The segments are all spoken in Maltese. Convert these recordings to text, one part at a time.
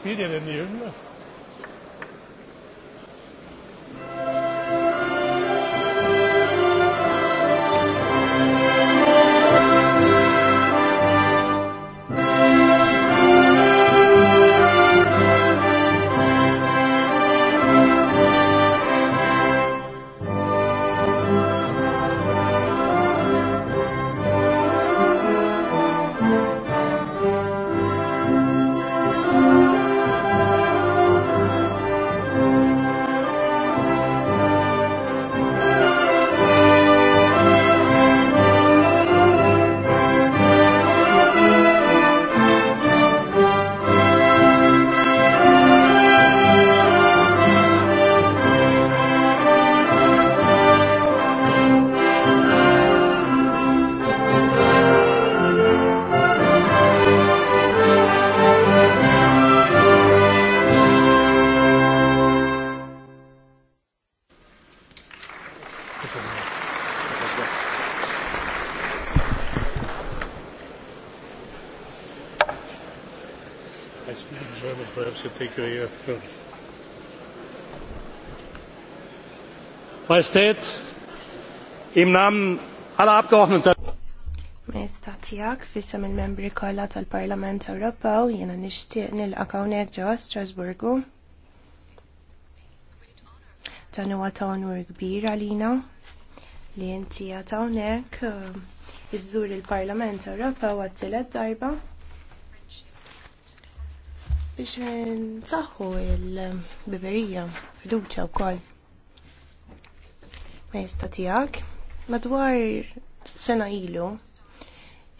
spielt ihr denn die Majestät, im Namen aller Abgeordneten. Majestät, jak fissam il-membri kolla tal-Parlament Ewropew jena nishtiq nil akawnek ġewwa Strasburgu. Dan huwa ta' onur kbir għalina li inti għatawnek hawnhekk eh, iżżur il-Parlament Ewropew għat-tielet darba biex nsaħħu il-biberija fiduċja wkoll. Majesta tijak, madwar sena ilu,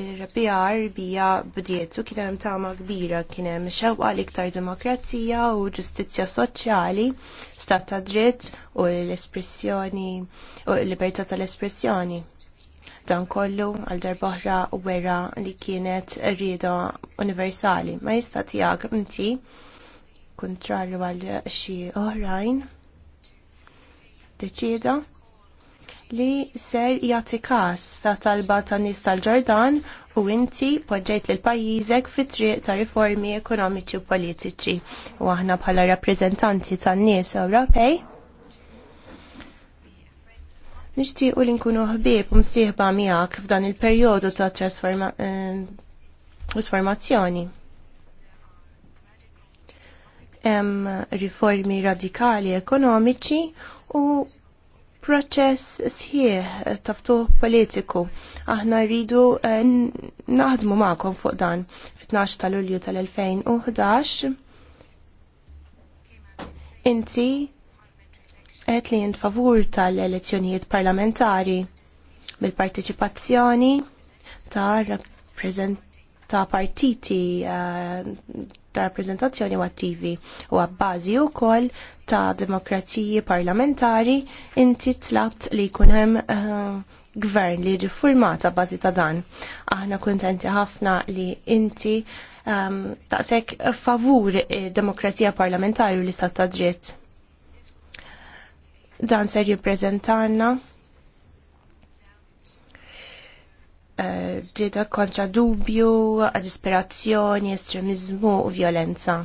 ir-rebija arbija bdiet u kienem tama kbira kienem xewqa l-iktar demokrazija u ġustizja soċjali, stat ta' dritt u l-espressjoni u l-libertà tal-espressjoni. Dan kollu għal darbohra u wera li kienet rrieda universali. Ma jista' tiegħek inti kontrarju għal xi oħrajn deċida li ser jagħti każ ta' talba ta' nies tal-ġordan u inti poġġejt lil pajjiżek fit triq ta' riformi ekonomiċi u politiċi. U aħna bħala rappreżentanti tan-nies Ewropej nixtiequ li nkunu ħbieb u msieħba miegħek f'dan il-perjodu ta' eh, trasformazzjoni. Hemm riformi radikali ekonomiċi u proċess sħiħ taftu politiku. Aħna rridu eh, naħdmu ma'kom fuq dan fit-12 ta' Lulju tal-2011. Inti għet li jint favur tal-elezzjonijiet parlamentari bil-partiċipazzjoni ta' rappresentanti ta' partiti eh, ta' rappresentazzjoni u attivi u għabbażi u koll ta' demokrazija parlamentari inti tlabt li kunem uh, gvern li ġi formata bazi ta' dan. Aħna kontenti ħafna li inti eh, ta' sekk favur demokrazija parlamentari u l-istat ta' dritt. Dan ser jiprezentanna. ġieda kontra dubju, disperazzjoni, estremizmu u violenza.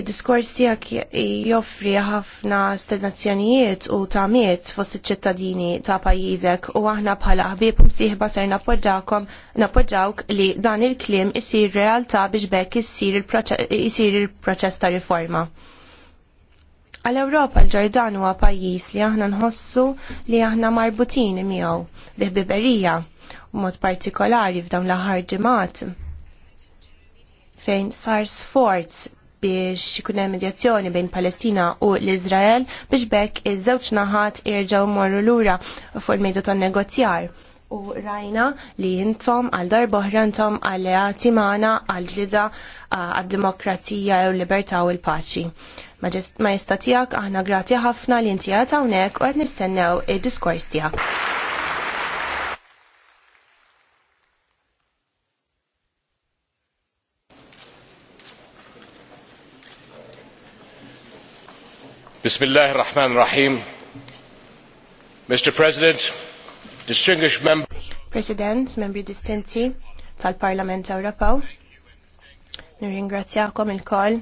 Id-diskors tiegħek joffri ħafna stednazzjonijiet u tamiet fost iċ-ċittadini ta' pajjiżek u aħna bħala ħbieb msieħba ser napoġawk li dan il-kliem isir realtà biex bekk isir il-proċess ta' riforma. Għal Ewropa l-Ġordan huwa pajjiż li aħna nħossu li aħna marbutini miegħu bi ħbiberija u mod partikolari f'dawn l-aħħar ġimgħat fejn sar sforz biex ikun hemm medjazzjoni bejn Palestina u l-Iżrael biex bekk iż-żewġ naħat irġgħu morru lura fuq il-mejda tan-negozjar u rajna li jintom għal darboħra jintom alleati maħna għal ġlida għal demokratija u liberta u l-paċi. Ma jistatijak aħna grati ħafna li jinti għata unek u għed nistennew il-diskors tijak. Bismillahir Rahmanir Rahim. Mr. President, distinguished members. President, membri distinti tal-Parlament Ewropew, nirringrazzjakom il-koll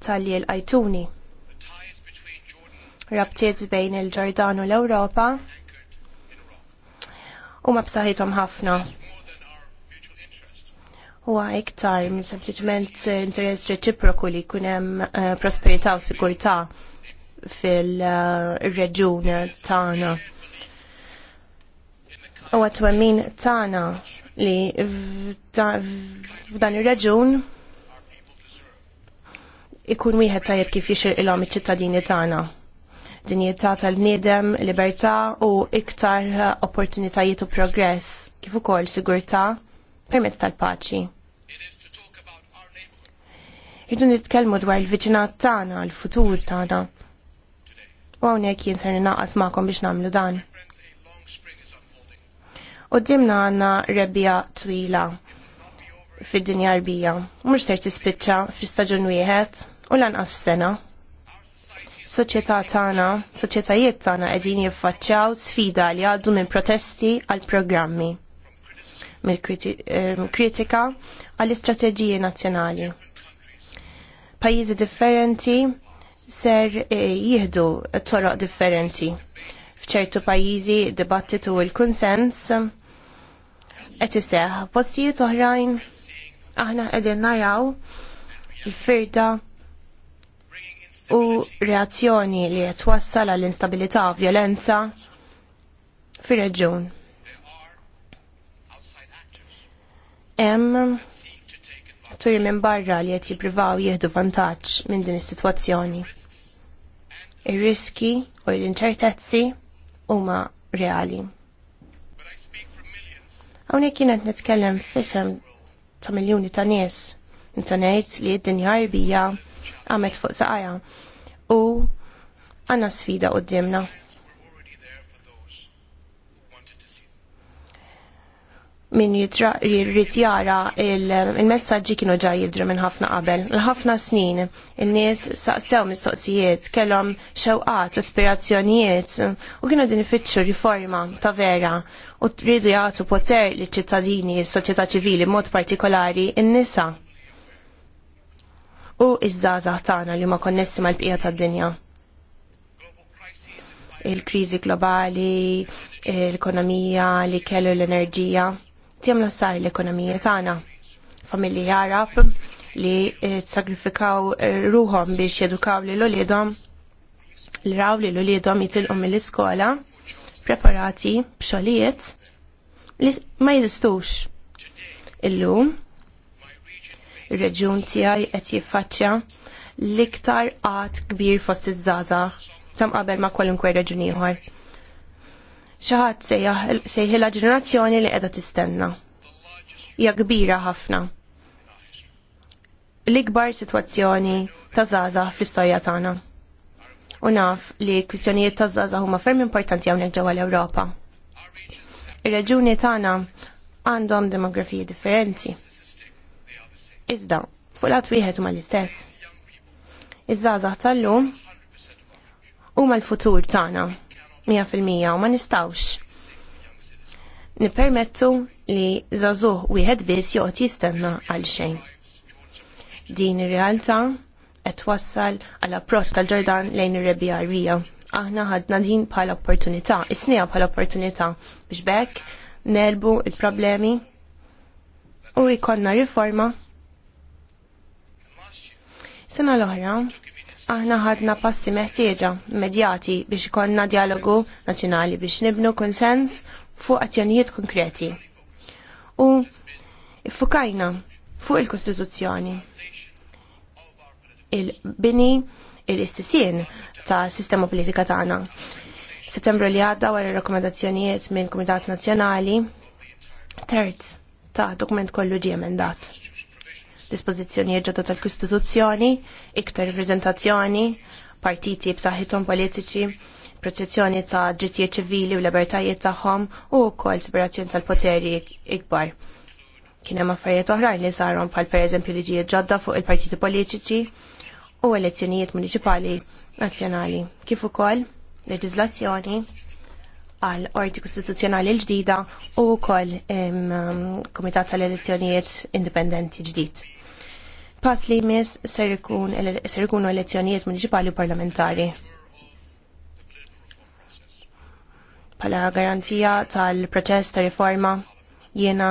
tal-li l-ajtuni. Rabtiet bejn il-Ġordan u l-Ewropa u ma b'saħħithom ħafna. Huwa iktar minn sempliċement interess reċiproku li jkun hemm eh, prosperità u sigurtà fil-reġjun eh, tagħna u għatwemmin tagħna li f'dan ir reġun ikun wieħed tajjeb kif jixir ilhom iċ-ċittadini tagħna. Dinjità tal-bniedem, libertà u iktar opportunitajiet u progress kif ukoll sigurtà permezz tal-paċi. Irdu nitkellmu dwar il-viċinat tagħna, l-futur tagħna. U hawnhekk jien ser ninaqas magħkom biex namlu dan u dimna għanna rebbija twila fid-dinja rbija. Mur ser tispiċċa fi staġun wieħed u lanqas f'sena. Soċjetà tagħna, soċjetajiet tagħna qegħdin jiffaċċjaw sfida li għaddu minn protesti għal programmi mill-kritika eh, għall istrateġiji nazzjonali. Pajjiżi differenti ser eh, jieħdu toroq differenti. F'ċertu pajjiżi dibattitu il-kunsens qed iseħħ. Postijiet oħrajn aħna qegħdin naraw il-firda u reazzjoni li qed wassal għall instabilità u vjolenza fir-reġjun. Hemm turi minn barra li qed jippruvaw jieħdu vantaġġ minn din is-sitwazzjoni. Ir-riski u l-inċertezzi huma reali. Hawnhekk kienet nitkellem f'isem ta' miljuni ta' nies nista' ngħid li id dinja rbija għamet fuq saqajja u għandna sfida d-dimna. min jirrit jara il-messagġi kienu ġaj jidru minn ħafna qabel. L-ħafna snin, il-nies saqsew mistoqsijiet, kellhom xewqat, l-aspirazzjonijiet u kienu din ifittxu riforma ta' vera u rridu jagħtu poter li ċittadini, s-soċjetà ċivili, mod partikolari, il nisa u iż żaza tagħna li ma konnessi mal-bqija tad-dinja il-kriżi globali, l-ekonomija li kellu l-enerġija qed jagħmlu sar l-ekonomija tagħna. Familji Arab li eh, sagrifikaw eh, ruhom biex jedukaw li l olidom li raw li l olidom jitilqu mill-iskola preparati b'xogħlijiet li ma jizistux. Illum ir-reġjun tiegħi qed jiffaċċja l-iktar qatt kbir fost iż-żaża tam qabel ma' kwalunkwe reġun ieħor xaħat sejħila ġenerazzjoni li qiegħda tistenna. Hija kbira ħafna. L-ikbar sitwazzjoni ta' zaza fl-istorja tagħna. U naf li kwistjonijiet ta' zaza huma ferm importanti hawnhekk ġewwa l-Ewropa. Ir-reġuni tagħna għandhom demografiji differenti. Iżda, fuq lat wieħed huma l-istess. Iż-żgħażagħ tal-lum huma l-futur tagħna 100% u ma nistawx nipermettu li zazuh wieħed biss joqgħod jistenna għal xejn. Din ir-realtà qed wassal għal approċċ tal-Ġordan lejn ir-rebbi għarrija. Aħna ħadna din bħala opportunità, isnija bħala opportunità biex bekk nelbu il-problemi u jkollna riforma. Sena l-oħra, aħna ħadna passi meħtieġa medjati biex ikonna dialogu nazzjonali biex nibnu konsens fuq azzjonijiet konkreti. U fukajna fuq il-Kostituzzjoni il-bini il-istisien ta' sistema politika tagħna. Settembru li għadda wara rakkomandazzjonijiet minn Kumitat Nazzjonali terz ta' dokument kollu ġie emendat dispożizzjonijiet ġodda tal-Kostituzzjoni, iktar reprezentazzjoni, partiti b'saħħithom politiċi, protezzjoni ta' drittijiet ċivili u libertajiet tagħhom u wkoll separazzjoni tal-poteri ikbar. Kien hemm affarijiet oħrajn li sarhom bħal pereżempju liġijiet ġodda fuq il-partiti politiċi u elezzjonijiet municipali nazzjonali, kif ukoll leġiżlazzjoni għal orti kostituzzjonali l-ġdida u wkoll komitat tal-elezzjonijiet indipendenti ġdid. Pass li jmiss ser ikunu elezzjonijiet municipali u parlamentari. Pala garantija tal-proċess ta' riforma jiena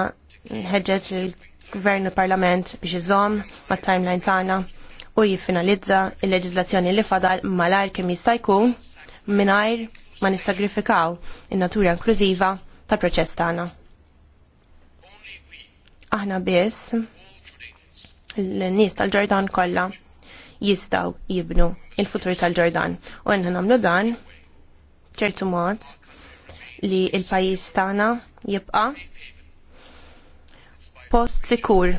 nħeġġeġ il-Gvern u Parlament biex iżomm mat-timeline tagħna u jiffinalizza il leġizlazzjoni li fadal malajr kemm jista' jkun mingħajr ma nissagrifikaw in-natura inklużiva tal-proċess tagħna. Aħna biss l-nies tal-Ġordan kollha jistaw jibnu il-futur tal-Ġordan. U għenna namlu dan ċertu mod li il-pajis tagħna jibqa post sikur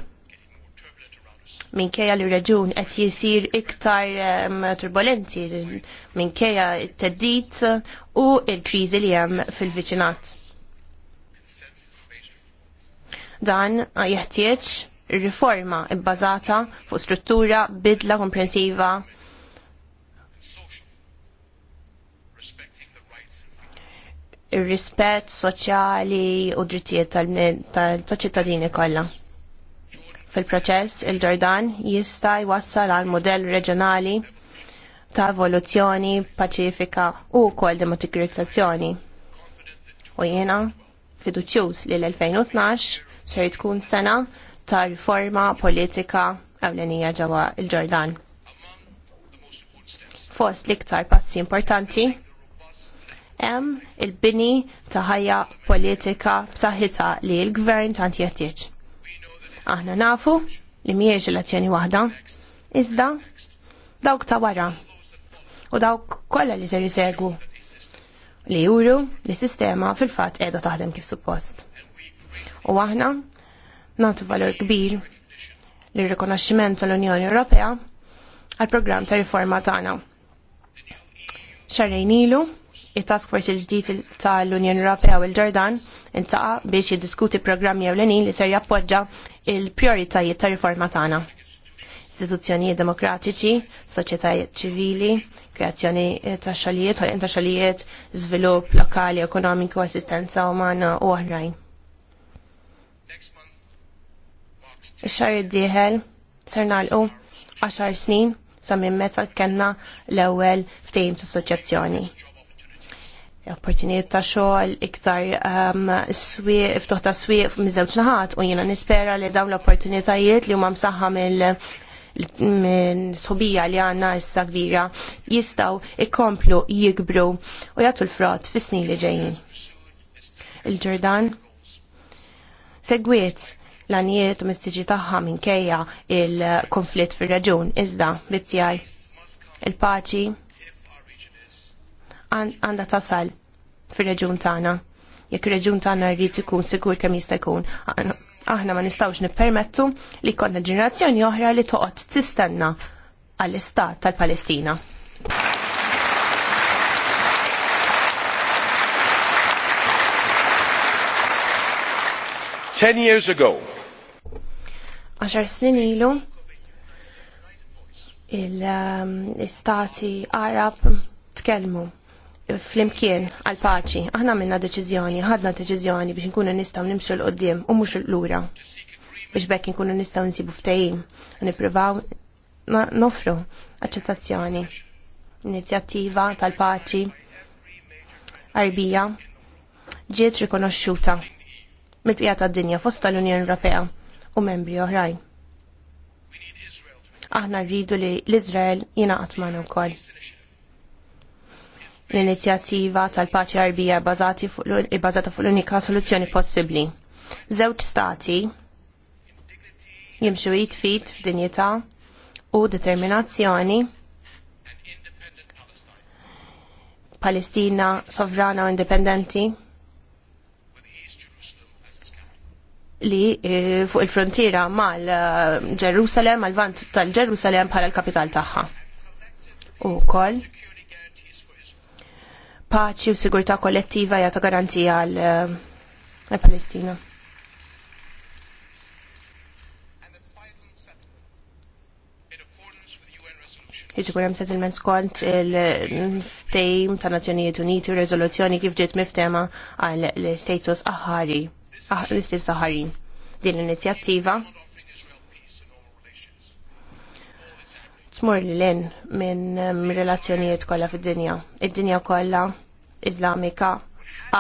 minkejja li reġun qed jisir iktar um, turbolenti minkejja t-teddit u il-kriżi li hemm fil-viċinat. Dan jeħtieġ riforma bbażata fuq struttura bidla komprensiva rispett soċjali u drittijiet tal-ċittadini kollha. Fil-proċess, il-Ġordan jista' jwassal għal modell reġjonali ta' evoluzzjoni paċifika u wkoll demokratizzazzjoni. U jiena fiduċjuż li l-2012 ser tkun sena ta' riforma politika ewlenija ġewwa l-Ġordan. Fost l-iktar passi importanti hemm il-bini ta' ħajja politika b'saħħitha li l-gvern tant jettieġ. Aħna nafu li mhijiex elezzjoni waħda, iżda dawk ta' wara u dawk kollha li ser jisegwu li juru li sistema fil-fatt qiegħda taħdem kif suppost. U aħna natu valur kbir l-rikonoxximent tal-Unjoni Ewropea għal programm ta' riforma tagħna. Xarrejn ilu, it-Task Force il-ġdid tal-Unjoni Ewropea u l-Ġordan intaqa biex jiddiskuti programmi ewlenin li ser jappoġġa il-prioritajiet ta' riforma tagħna. Istituzzjonijiet demokratiċi, soċjetajiet ċivili, kreazzjoni ta' xogħlijiet, ħolqien ta' xogħlijiet, żvilupp lokali, ekonomiku, assistenza umana u oħrajn. Ix-xar id-dieħel ser nagħlqu 10 snin sa minn meta kellna l-ewwel ftehim tas-soċjazzjoni opportunijiet ta' xogħol iktar ehm, swieq ftuħ ta' swieq miż-żewġ naħat u jiena nispera li dawn l-opportunitajiet li huma msaħħa mill minn sobija li għanna issa kbira jistaw ikomplu jikbru u jagħtu l-frott fis-snin li ġejjin. Il-Ġordan segwiet l-għanijiet u mistiġi tagħha minkejja il-konflitt fir-reġun. Iżda, bizzjaj, il-paċi għanda tasal fir-reġun tagħna. Jekk ir-reġun tagħna rrid ikun sikur kemm jista' jkun. Aħna ma nistgħux nippermettu li konna ġenerazzjoni oħra li toqgħod tistenna għall-istat tal-Palestina. Ten years ago. snin ilu, il-istati um, Arab tkellmu fl-imkien għal-paċi. Aħna minna deċizjoni, ħadna deċizjoni biex nkunu nistaw nimxu l-qoddim u mux l-lura. Biex bekk nkunu nistaw nsibu ftejim. Niprivaw nofru accettazzjoni. Inizjattiva tal-paċi. Arbija ġiet rikonoxxuta mill-pija tad-dinja fost tal-Unjoni Ewropea u membri oħrajn. Aħna rridu li l-Izrael jingħaqad magħna wkoll. L-inizjattiva tal-paċi arbija bbażata fuq l-unika soluzzjoni possibbli. Żewġ stati jimxu jitfit f'dinjità u determinazzjoni Palestina sovrana u indipendenti li eh, fuq il-frontiera mal-Ġerusalem, eh, mal-vant tal-Ġerusalem bħala l-kapital tagħha. U kol paċi u sigurtà kollettiva jagħta garantija eh, għal palestina Jiġikur jem settlement skont il-ftejm ta' Nazzjonijiet Uniti u rezoluzzjoni kif ġiet miftema għal status aħari Ah, l-istess saħarin. din l-inizjattiva. Tmur li len minn relazzjonijiet kollha fid-dinja. Id-dinja kollha Iżlamika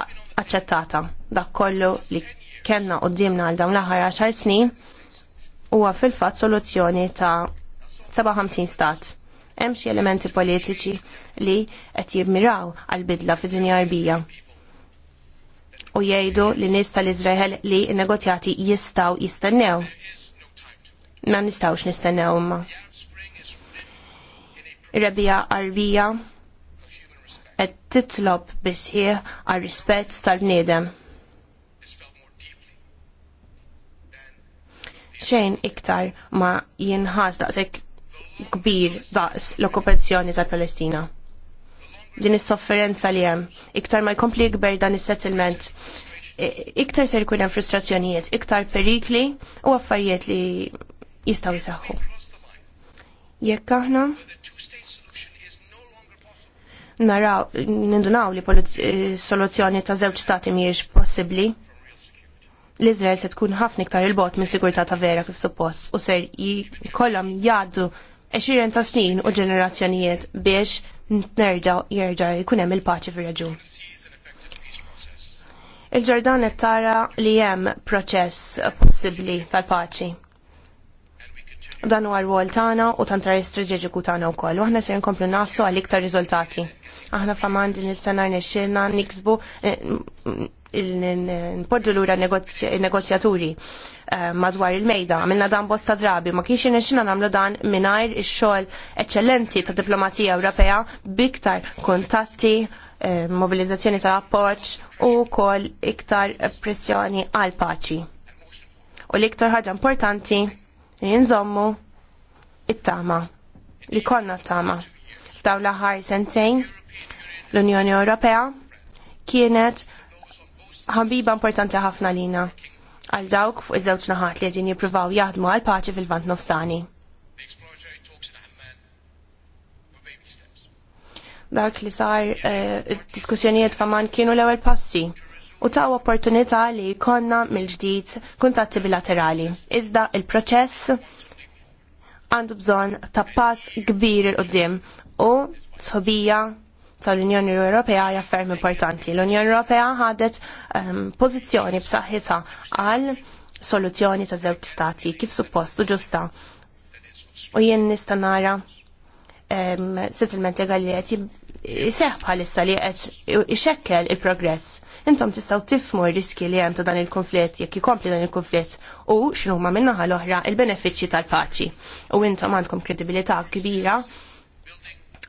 aċċettata. Dak kollu li kellna dimna għal dawn l-aħħar 10 snin huwa fil-fatt soluzzjoni ta' 57 stat. Hemm xi elementi politiċi li qed jibmiraw għal bidla fid-dinja arbija u jgħidu li nies tal-Izrael li negozjati jistaw jistennew. Ma nistawx nistennew imma. Rebija qarbija qed titlob bisħieħ għar rispett tal-bniedem. Xejn iktar ma jinħas daqshekk kbir daqs l-okkupazzjoni tal-Palestina din is-sofferenza li hemm. Iktar ma jkompli jikber dan is-settlement. Iktar ser jkun hemm frustrazzjonijiet, iktar perikli u affarijiet li jistgħu jisaħħu. Jekk aħna naraw, nindunaw li eh, soluzzjoni ta' żewġ stati mhijiex possibbli. L-Izrael se tkun ħafna iktar il-bot minn sigurtà ta' vera kif suppost u ser jkollhom jgħaddu 20 ta' snin u ġenerazzjonijiet biex nerġa' jerġa' jkun hemm il-paċi fir-raġun. Il-Ġordan qed tara li hemm proċess possibbli tal-paċi. Dan huwa rwol tagħna u tantra istraġeġiku tagħna wkoll u aħna se nkomplu naħsu għal iktar riżultati. Aħna faman din is nixxilna niksbu eh, npoġġu lura negozjaturi madwar il-mejda. Għamilna dan bosta drabi, ma kienx nexxina nagħmlu dan mingħajr ix-xogħol eċċellenti ta' diplomazija Ewropea biktar kontatti mobilizzazzjoni tal appoġġ u kol iktar pressjoni għal paċi. U l-iktar ħaġa importanti li nżommu it-tama, li konna t-tama. F'daw l-aħħar sentejn l-Unjoni Ewropea kienet ħabiba importanti ħafna lina għal dawk fuq iż-żewġ naħat li qegħdin jippruvaw jaħdmu għal paċi fil-vant nofsani. Dak li sar id eh, diskussjonijiet faman kienu l-ewwel passi u ta' opportunità li konna mill-ġdid kuntatti bilaterali. Iżda il-proċess għandu bżonn ta' pass kbir il-qoddim u sħobija tal-Unjoni Ewropea hija ferm importanti. L-Unjoni Ewropea ħadet um, pożizzjoni b'saħħitha għal soluzzjoni ta' żewġ stati kif suppostu ġusta. U jien nista' nara um, settlement legali qed bħalissa li qed ixekkel il-progress. Intom tistgħu tifmu r-riski li hemm ta' dan il-konflitt jekk ikompli dan il-konflitt u x'inhuma minnaħa l-oħra il-benefiċċji tal-paċi. U intom għandkom kredibilità kbira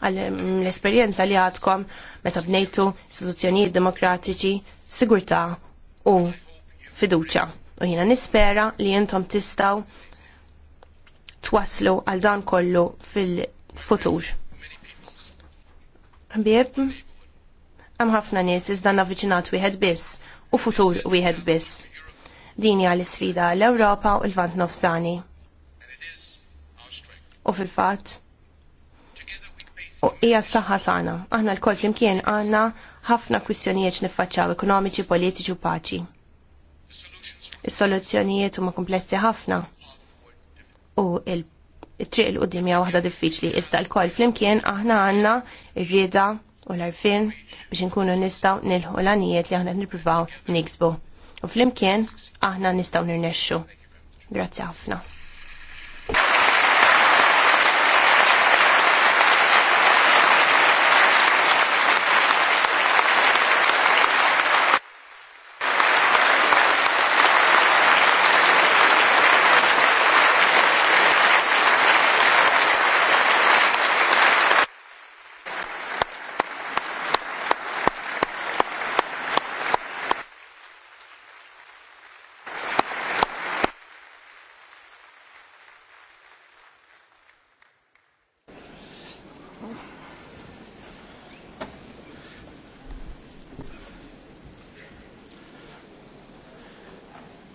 Mm, l-esperjenza li għadkom meta bnejtu istituzzjonijiet demokratiċi, sigurtà u fiduċja. U jiena nispera li intom tistaw twaslu għal dan kollu fil-futur. Bieb, hemm ħafna nies iżda avviċinat wieħed biss u futur wieħed biss. Din hija l-isfida l-Ewropa u l-Vant Nofsani. U fil-fatt, u hija s-saħħa tagħna. Aħna l-kol flimkien għandna ħafna kwistjonijiet niffaċċaw ekonomiċi, politiċi u paċi. Is-soluzzjonijiet huma komplessi ħafna u il-triq il qudiem hija waħda diffiċli. Iżda l-kol flimkien aħna għandna ir-rieda u l-arfin biex inkunu nistgħu nilħu l-għanijiet li aħna nippruvaw niksbu. U flimkien aħna nistgħu nirnexxu. Grazzi ħafna.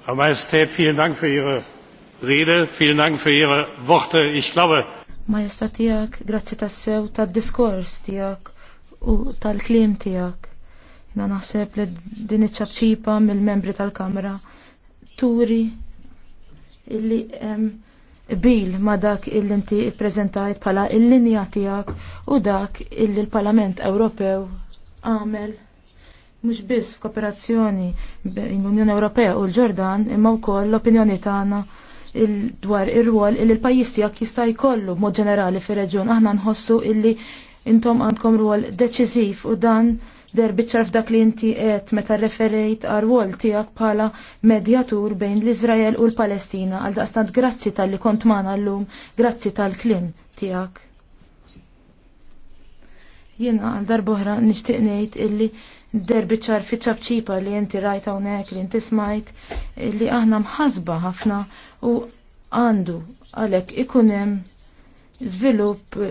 Herr Majestät, vielen Dank für Ihre Rede, vielen Dank für Ihre Worte. Ich glaube. Majestat tijak, grazzi tassew tad-diskors tijak u tal-klim tijak. Na naħseb li din iċċabċipa mill-membri tal-Kamra turi illi bil ma dak illi inti prezentajt pala il-linja tijak u dak illi l-Parlament Ewropew għamel mhux biss f'kooperazzjoni bejn l-Unjoni Ewropea u l-Ġordan imma wkoll l-opinjoni tagħna dwar ir-rwol il l-pajjiż tiegħek jista' jkollu b'mod ġenerali fir-reġjun aħna nħossu illi intom għandkom rwol deċiżiv u dan derbiċċar f'dak li inti qed meta referejt għal rwol tiegħek bħala medjatur bejn l-Iżrael u l-Palestina għal daqstant grazzi tal-li kont magħna llum, grazzi tal-klim tiegħek. Jiena għal darbohra nixtieq ngħid illi ċar fi ċabċipa li inti rajt hawnhekk li jenti smajt li aħna mħasba ħafna u għandu għalhekk ikun hemm żvilupp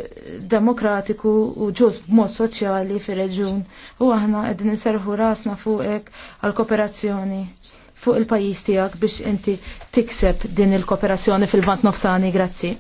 demokratiku u ġust b'mod soċjali fir-reġjun u aħna qegħdin inserħu rasna fuqek għal kooperazzjoni fuq il-pajjiż tiegħek biex inti tikseb din il-kooperazzjoni fil-vant nofsani, grazzi.